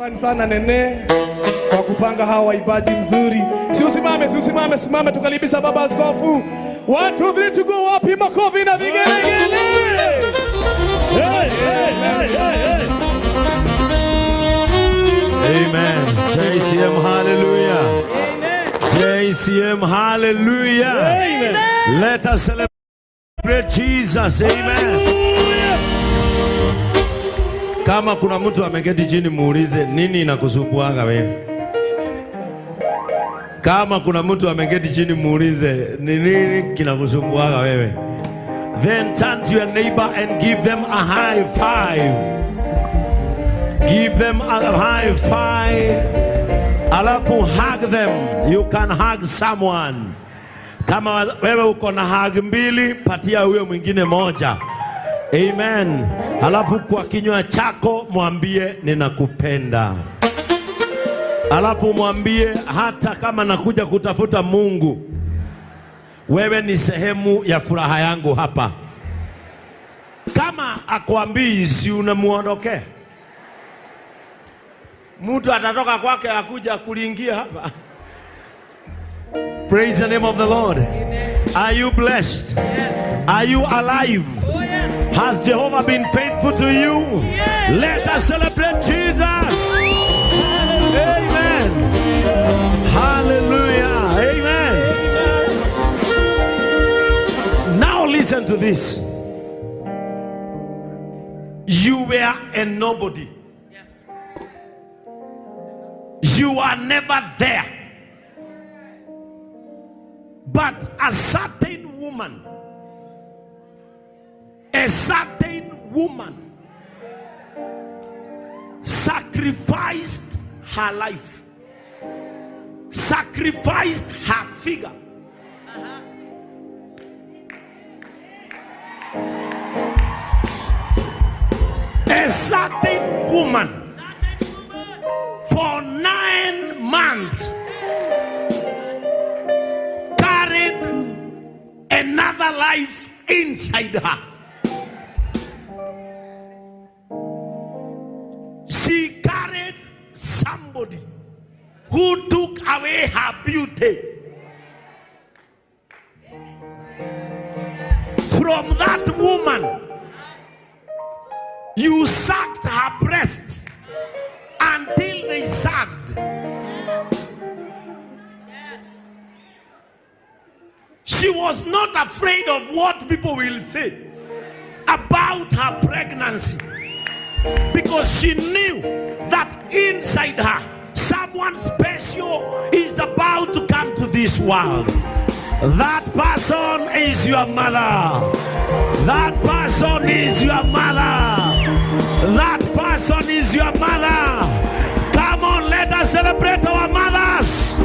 Asante sana Nene kwa kupanga hawa waibaji mzuri. Si usimame, si usimame, simame tukaribisha baba askofu. 1 2 3 to go wapi makofi na vigelegele. Hey, hey, hey, hey, hey. Amen. JCM hallelujah. JCM hallelujah. Amen. Let us celebrate Jesus. Amen. Kama kuna mtu ameketi chini, muulize nini inakusumbuanga wewe. Kama kuna mtu ameketi chini, muulize ni nini kinakusumbuanga wewe. Then turn to your neighbor and give them a high five. Give them a high five. Alafu hug them. You can hug someone. Kama wewe uko na hug mbili, patia huyo mwingine moja. Amen. Alafu kwa kinywa chako mwambie ninakupenda. Alafu mwambie hata kama nakuja kutafuta Mungu, wewe ni sehemu ya furaha yangu hapa. Kama akwambii, si unamuondokea? Mtu atatoka kwake akuja kuliingia hapa. Praise the name of the Lord. Are you blessed? Yes. Are you alive? Has Jehovah been faithful to you? Let us celebrate Jesus. Amen. Hallelujah. Amen. Now listen to this. You were a nobody. Yes. You are never there. But a certain woman a certain woman sacrificed her life, sacrificed her figure. A certain woman for nine months carried another life inside her. day. From that woman, you sucked her breasts until they sagged. She was not afraid of what people will say about her pregnancy because she knew that inside her someone special is about to this world. That person is your mother. That person is your mother. That person is your mother. Come on, let us celebrate our mothers.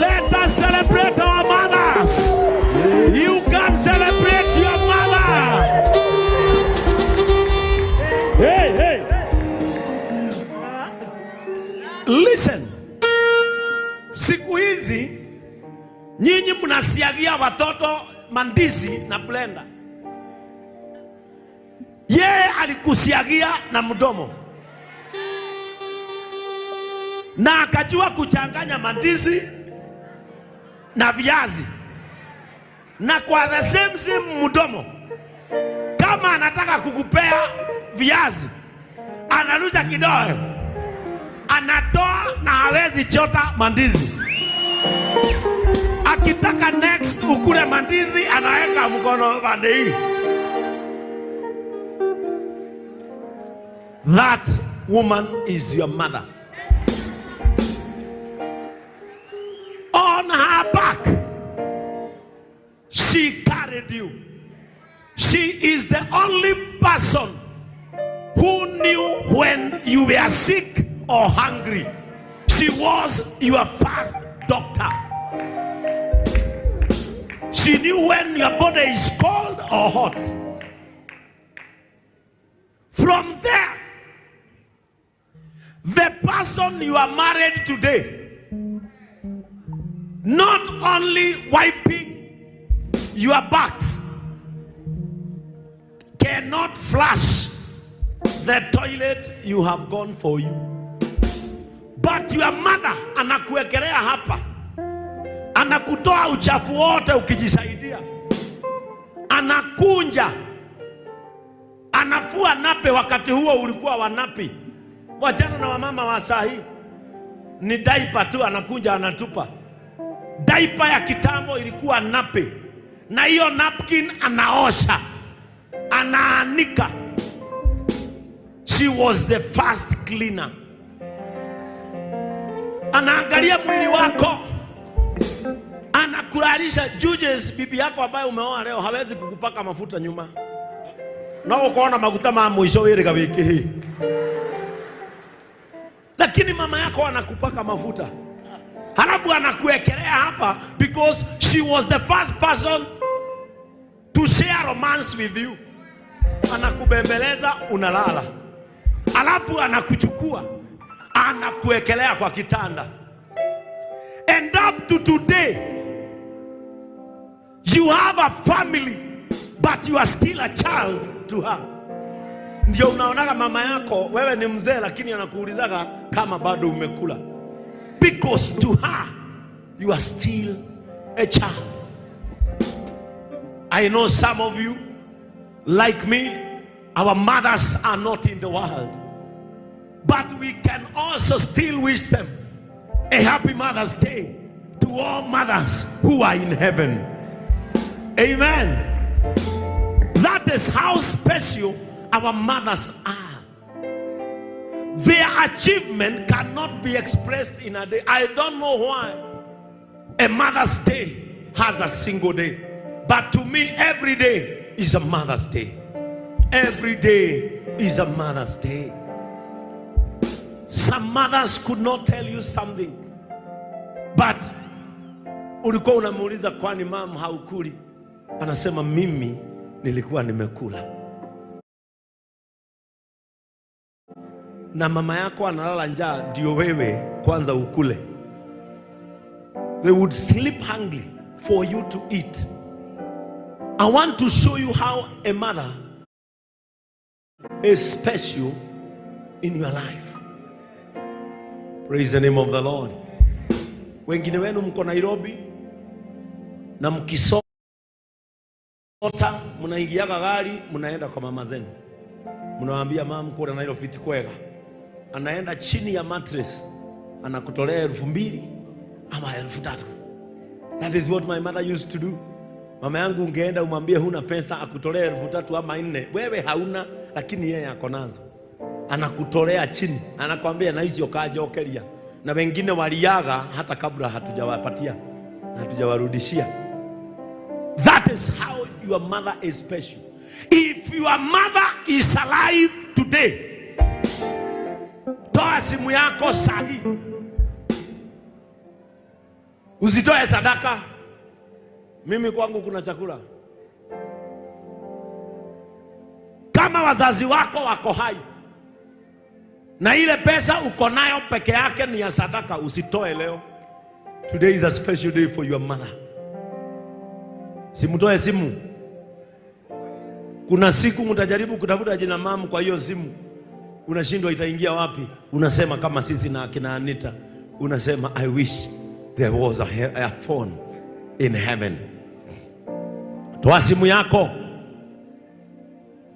Let us celebrate our mothers. You anawapelekea watoto mandizi na blender. Yeye alikusiagia na mdomo na akajua kuchanganya mandizi na viazi na kwa the same same mdomo. Kama anataka kukupea viazi, anaruja kidoe anatoa na hawezi chota mandizi. akitaka next ukule mandizi anaweka mkono pande hii. That woman is your mother. On her back she carried you. She is the only person who knew when you were sick or hungry. She was your first doctor. She knew when your body is cold or hot. From there, the person you are married today, not only wiping your butt cannot flush the toilet you have gone for you, but your mother anakuwekelea hapa anakutoa uchafu wote ukijisaidia, anakunja, anafua nape. Wakati huo ulikuwa wanapi? Wajana na wamama wa saa hii ni daipa tu, anakunja anatupa. Daipa ya kitambo ilikuwa nape, na hiyo napkin anaosha, anaanika. She was the first cleaner. Anaangalia mwili wako anakulalisha. Judges, bibi yako ambaye umeoa leo hawezi kukupaka mafuta nyuma na ukoona maguta ma mwisho wirega wiki hii, lakini mama yako anakupaka mafuta halafu anakuekelea hapa because she was the first person to share romance with you. Anakubembeleza unalala, alafu anakuchukua anakuekelea kwa kitanda to today, you have a family but you are still a child to her. Ndio unaonaga mama yako wewe ni mzee, lakini anakuulizaga kama bado umekula, because to her you are still a child. I know some of you like me, our mothers are not in the world, but we can also still wish them a happy Mother's Day. all mothers who are in heaven. Amen. That is how special our mothers are. Their achievement cannot be expressed in a day. I don't know why a Mother's Day has a single day. But to me, every day is a Mother's Day. Every day is a Mother's Day. Some mothers could not tell you something, but Ulikuwa unamuuliza kwani mama haukuli? Anasema mimi nilikuwa nimekula. Na mama yako analala njaa ndio wewe kwanza ukule. They would sleep hungry for you to eat. I want to show you how a mother is special in your life. Praise the name of the Lord. Wengine wenu mko Nairobi na mkisota mnaingiaga gari mnaenda kwa mama zenu, mnawaambia mama, kuna hilo fiti kwega, anaenda chini ya mattress anakutolea elfu mbili ama elfu tatu. That is what my mother used to do. Mama yangu ungeenda umwambie huna pesa, akutolea elfu tatu ama nne. Wewe hauna, lakini yeye ako nazo, anakutolea chini, anakwambia na hizo kajokeria. Na wengine waliaga hata kabla hatujawapatia hatujawarudishia is how your mother is special. If your mother is alive today, toa simu yako sahi, usitoe sadaka. Mimi kwangu kuna chakula. Kama wazazi wako wako hai na ile pesa uko nayo peke yake ni ya sadaka, usitoe leo. Today is a special day for your mother. Simtoe simu. Kuna siku mtajaribu kutafuta jina mamu kwa hiyo simu, unashindwa itaingia wapi. Unasema kama sisi na akina Anita, unasema I wish there was a, a phone in heaven. Toa simu yako,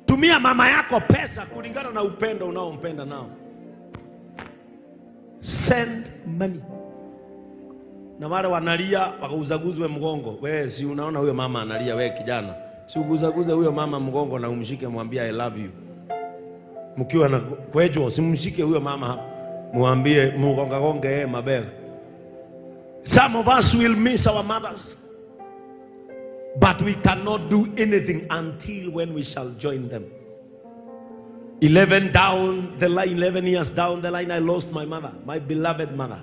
tumia mama yako pesa kulingana na upendo unaompenda nao. Send money na wale wanalia wakauzaguzwe mgongo. We si unaona huyo mama analia, we kijana, si uguzaguze huyo mama mgongo na umshike, mwambie I love you. Mkiwa na kwejo, simshike huyo mama hapa, mwambie mgonga gonge yeye mabele. Some of us will miss our mothers but we cannot do anything until when we shall join them. 11 down the line, 11 years down the line, I lost my mother, my beloved mother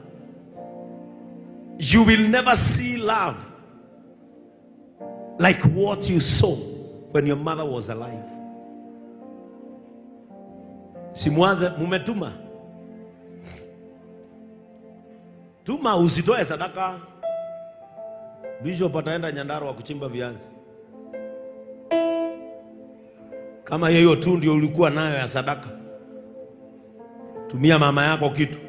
you will never see love like what you saw when your mother was alive. Simwanze mumetuma tuma, usitoe sadaka. Bishop ataenda Nyandarua kuchimba viazi. Kama hiyo tu ndio ulikuwa nayo ya sadaka, tumia mama yako kitu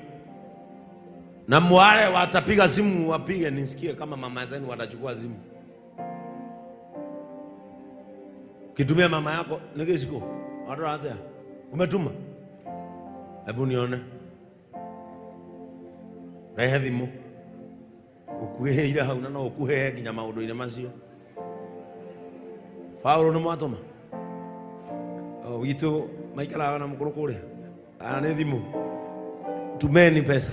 na mwale watapiga simu, wapige nisikie kama mama zenu watachukua simu. Kitumia mama yako nikisiko watoatea umetuma, hebu nione rehe thimu ukuheire hau na no ukuhehe nginya maundu-ini macio Paulo nĩ mwatũma witũ maikaraga na mũkũrũ kũrĩa kana nĩ thimũ tumeni pesa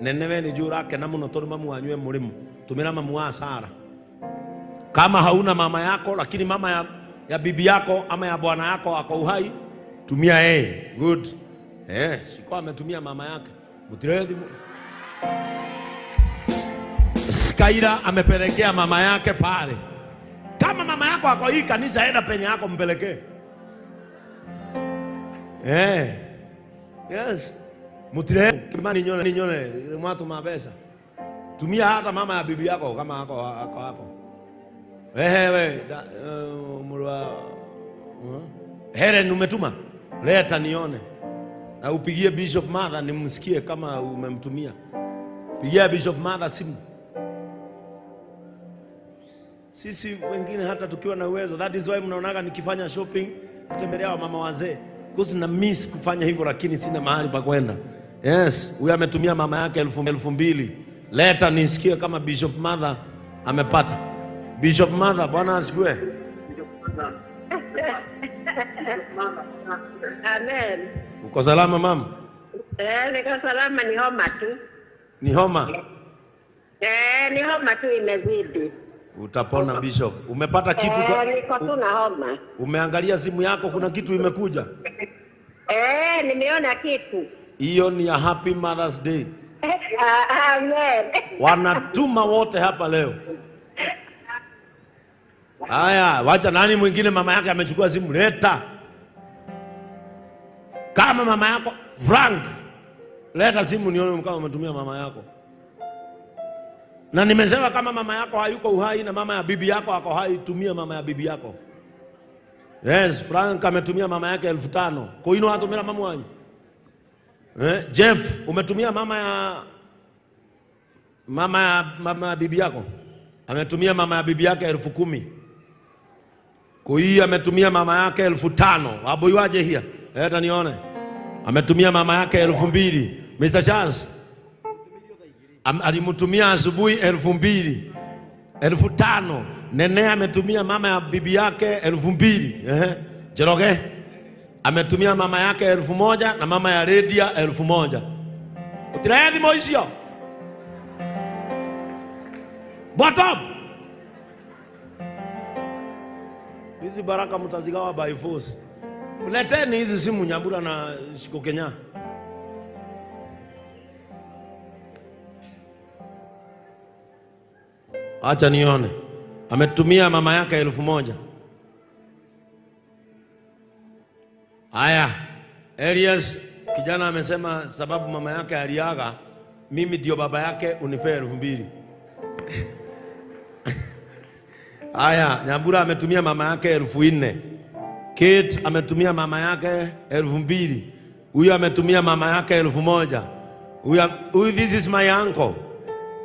ni juu rake na muno tondũ mamu wanyue e tumira mamu wa Sara kama hauna mama yako lakini mama ya, ya bibi yako ama ya bwana yako ako uhai tumia yeye good eh siko ametumia mama yake mtirethi Skaira amepelekea mama yake pale. Kama mama yako ako hii kanisa, enda penye yako mpelekee. Eh. Yes. Mutiremu kimani nyone nyone mwatuma pesa. Tumia hata mama ya bibi yako kama ako ako hapo. Wewe we eh, mlwa eh? Helen umetuma? Leta nione. Na upigie Bishop Mother nimsikie kama umemtumia. Pigia Bishop Mother simu. Sisi wengine hata tukiwa na uwezo, that is why mnaonaga nikifanya shopping kutembelea wa mama wazee. Kuzi na miss kufanya hivyo, lakini sina mahali pa kwenda. Yes, huyu ametumia mama yake elfu, elfu mbili. Leta nisikie kama Bishop Mother amepata. Bishop Mother, Bwana asifiwe. Amen. Uko salama mama? Eh, niko salama, ni homa tu. Ni homa? Eh, ni homa tu imezidi. Utapona Bishop. Umepata kitu eh, kwa... Eh, niko tu na homa. Umeangalia simu yako kuna kitu imekuja? Eh, nimeona kitu hiyo ni ya Happy Mother's Day. Ah, amen. Wanatuma wote hapa leo. Haya, wacha nani mwingine, mama yake amechukua simu, leta. Kama mama yako Frank, leta simu nione kama umetumia mama yako. Na nimesema kama mama yako hayuko uhai na mama ya bibi yako ako hai, tumia mama ya bibi yako. Yes, Frank ametumia mama yake elfu tano. Kwa hiyo atumia mama wangu. Eh, Jeff, umetumia mama ya mama ya mama ya bibi yako? Ametumia mama ya bibi yake elfu kumi. Koi ametumia mama yake elfu tano. Hapo hia? Eh, tanione. Ametumia mama yake elfu mbili. Mr. Charles. alimtumia asubuhi elfu mbili. Elfu tano. Nene ametumia mama ya bibi yake elfu mbili. Eh, eh. Jeroge ametumia mama yake elfu moja na mama ya Redia elfu moja utirae thimo icio bottom hizi baraka mtazigawa by force. Leteni hizi simu Nyambura na Shiko Kenya. Acha nione ametumia mama yake elfu moja Haya, Elias kijana amesema sababu mama yake aliaga, mimi ndio baba yake, unipe elfu mbili. Haya, Nyambura ametumia mama yake elfu nne. Kate ametumia mama yake elfu mbili. Huyu ametumia mama yake elfu moja. Huyu this is my uncle.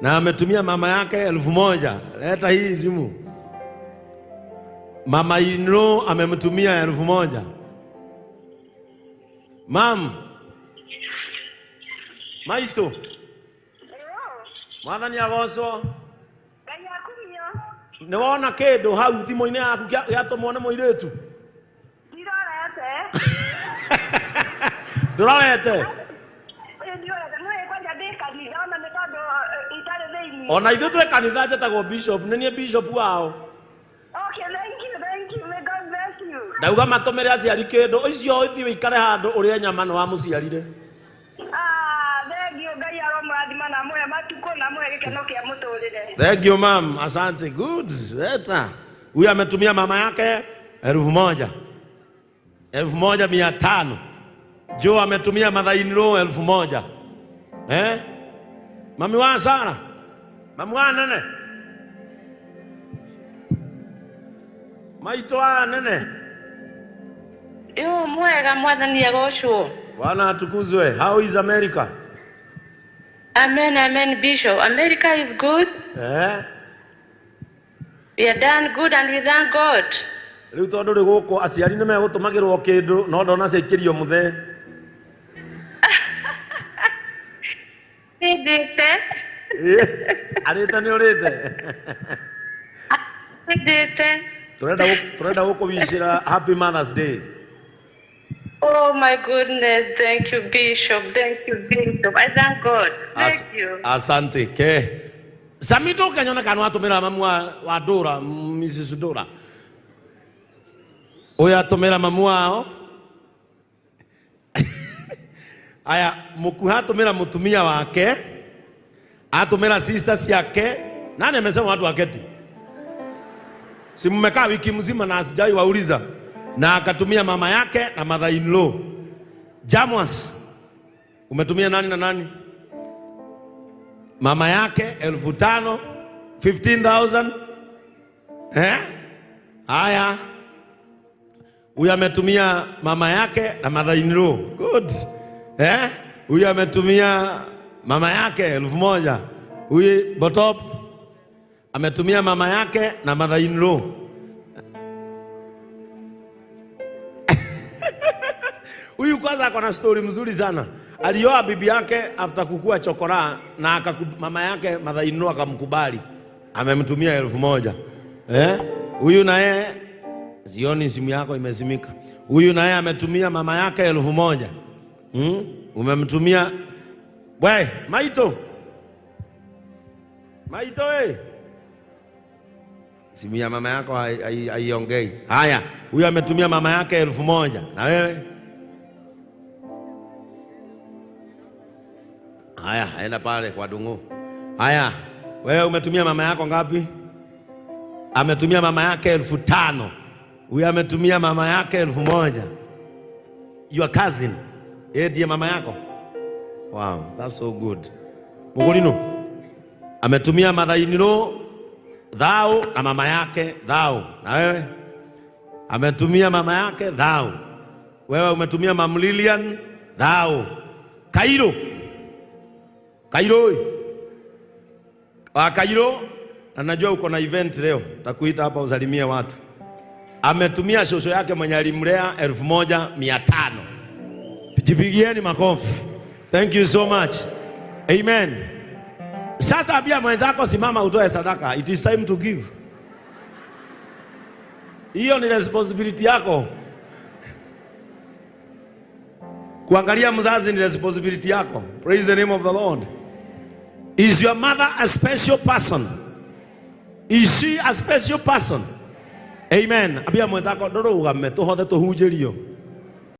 Na ametumia mama yake elfu moja. Leta hii simu. Mama inro amemtumia elfu moja maam maitu mwathani agocwo nä wona kä ndå hau thimå-inä yaku gä atåmwo nä må irä tu ndå rorete ona eh, ithuä twä kanitha njetagwo nä niä wao ndauga matũmĩre aciari kĩndũ ũcio ũthiĩ wĩikare handũ ũrĩe nyama nĩ wamũciarire ah, thengio ngai aromũrathima na mũhe mam asante good leta huyu ametumia mama yake elfu moja elfu moja mia tano jo ametumia mathainiro elfu moja eh? mami wa sara mami wa nene maito wa nene Yo mwega mwathani agocu bwana atukuzwe how is america amen amen bishop america is good eh we are done good and we thank god riu tondu ri guko aciari ni megutumagirwo kindu no ndona cikirio muthe ndite arite ni urite ndite turenda turenda gukuwicira happy mothers day Oh my goodness, thank you Bishop, thank you Bishop. I thank God. Thank As, you. Asante ke. Samito kanyona kanwa watumira mamu wa, wa Dora, Mrs. Dora. Oya atumira mamua o. Aya mukuha atumira mutumia wake. Atumira sisters yake. Nani amesema watu waketi? Si mmekaa wiki mzima na asijai wauliza na akatumia mama yake na mother in law. Jamwas, umetumia nani na nani? Mama yake elfu tano 15000 eh? Haya, huyu ametumia mama yake na mother in law. Good. Eh? Huyu ametumia mama yake elfu moja. Huyu botop ametumia mama yake na mother in law. Huyu kwanza ako na mzuri sana. Alioa bibi yake after kukua chokora na akaku, mama yake madhainu akamkubali, amemtumia elfu moja eh? huyu Naye zioni simu yako imezimika. Huyu naye ametumia mama yake elfu moja hmm? Umemtumia we maito maito we. Simu ya mama yako haiongei. Haya, huyu ametumia mama yake elfu moja na wewe Haya, enda pale kwa Dungu. Haya, wewe umetumia mama yako ngapi? Ametumia mama yake elfu tano huyu ametumia mama yake elfu moja Your cousin yeye ndiye mama yako. Wow, that's so good. Mugulino ametumia madhainilo dhao na mama yake dhao, na wewe ametumia mama yake dhao, wewe umetumia mamlilian dhao kairo Kairo wa ah, Kairo, na najua uko na event leo, takuita hapa usalimie watu. Ametumia shosho yake mwenye alimlea elfu moja mia tano. Jipigieni makofi. Thank you so much. Amen. Sasa pia mwenzako simama utoe sadaka. It is time to give. Hiyo ni responsibility yako. Kuangalia mzazi ni responsibility yako. Praise the name of the Lord. Is your mother a special person? Is she a special person? Amen. Abia mwenzako ndoro ugame tuhothe tuhunjirio